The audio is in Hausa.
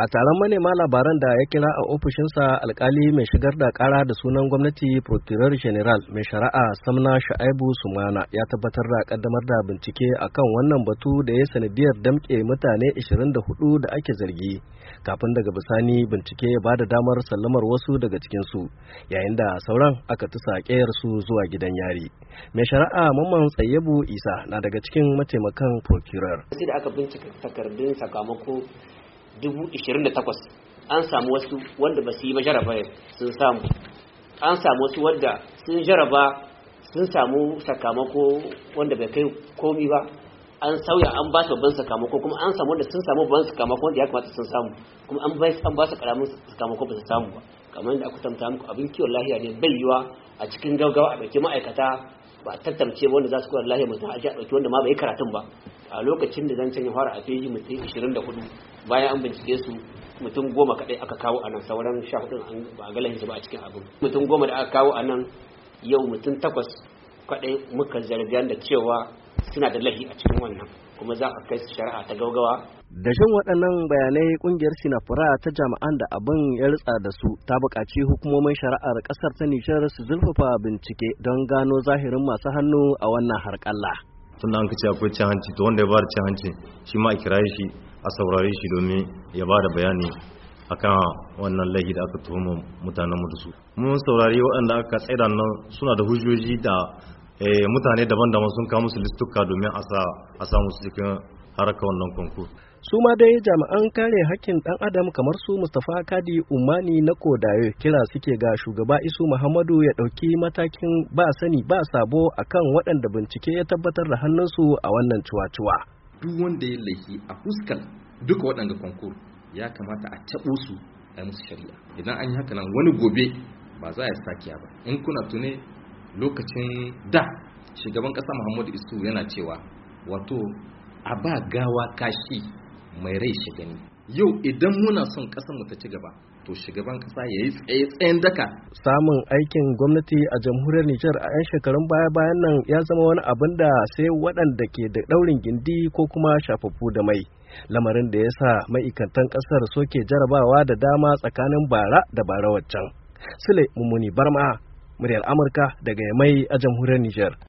a taron manema labaran da ya kira a ofishinsa alkali mai shigar da kara da sunan gwamnati Procurator general mai shari'a samna sha'aibu sumana ya tabbatar da kaddamar da bincike a kan wannan batu da ya sanadiyar damke mutane 24 da ake zargi kafin daga bisani bincike ya bada damar sallamar wasu daga cikinsu yayin da sauran aka tusa su zuwa gidan yari mai shari'a mamman tsayyabu isa na daga cikin mataimakan Procurator. da aka bincika takardun sakamako 28 an samu wasu wanda ba su yi majaraba sun samu an samu wasu wanda sun jaraba sun samu sakamako wanda bai kai komi ba an sauya an ba su babban sakamako kuma an samu wanda sun samu babban sakamako wanda ya kamata sun samu kuma an bai an ba su karamin sakamako ba su samu ba kamar da aka tamta muku abin kiwon lafiya ne bai yiwa a cikin gaggawa a ɗauki ma'aikata ba a tantance wanda za su kuwa lahiyar mutum a ji a ɗauki wanda ma bai karatun ba a lokacin da zan ya fara a fiye mutum 24 bayan an bincike su mutum goma kaɗai aka kawo a nan sauran sha hudun ba a galahinsu ba a cikin abin mutum goma da aka kawo a nan yau mutum takwas kaɗai muka zargi da cewa suna da lahi a cikin wannan kuma za a kai su shari'a ta gaugawa da shan waɗannan bayanai kungiyar sinafura ta jami'an da abin ya ritsa da su ta buƙaci hukumomin shari'ar ƙasar ta nishar su zurfafa bincike don gano zahirin masu hannu a wannan harƙalla tun da an kace akwai cin hanci to wanda ya bada cin hanci shi ma a kira shi a saurare shi domin ya bada bayani akan wannan lahi da aka tuhuma mutanen da su mun saurari waɗanda aka tsaida nan suna da hujjoji da Eh, mutane daban-daban sun kawo musu listuka domin a sa musu cikin harkar wannan konkur. su ma dai jami'an kare hakkin ɗan adam kamar su mustapha kadi umani na kodaye kira suke ga shugaba isu muhammadu ya ɗauki matakin ba sani ba sabo akan waɗanda bincike ya tabbatar da hannunsu a wannan ciwa-ciwa duk wanda ya laifi a fuskar duka waɗanda konkur ya kamata a taɓo su a musu shari'a idan an yi haka nan wani gobe ba za a sakiya ba in kuna tune lokacin da shugaban ƙasa muhammadu isu yana cewa wato a ba gawa kashi mai rai shi gani yau idan muna son kasa mu ta ci gaba to shugaban ƙasa ya yi tsaye tsayen daka samun aikin gwamnati a jamhuriyar Nijar a 'yan shekarun baya bayan nan ya zama wani abin da sai waɗanda ke da ɗaurin gindi ko kuma shafaffu da mai lamarin da ya sa ma'aikatan ƙasar soke jarabawa da dama tsakanin bara da bara waccan sule mummuni barma muryar Amurka daga mai a jamhuriyar Nijar.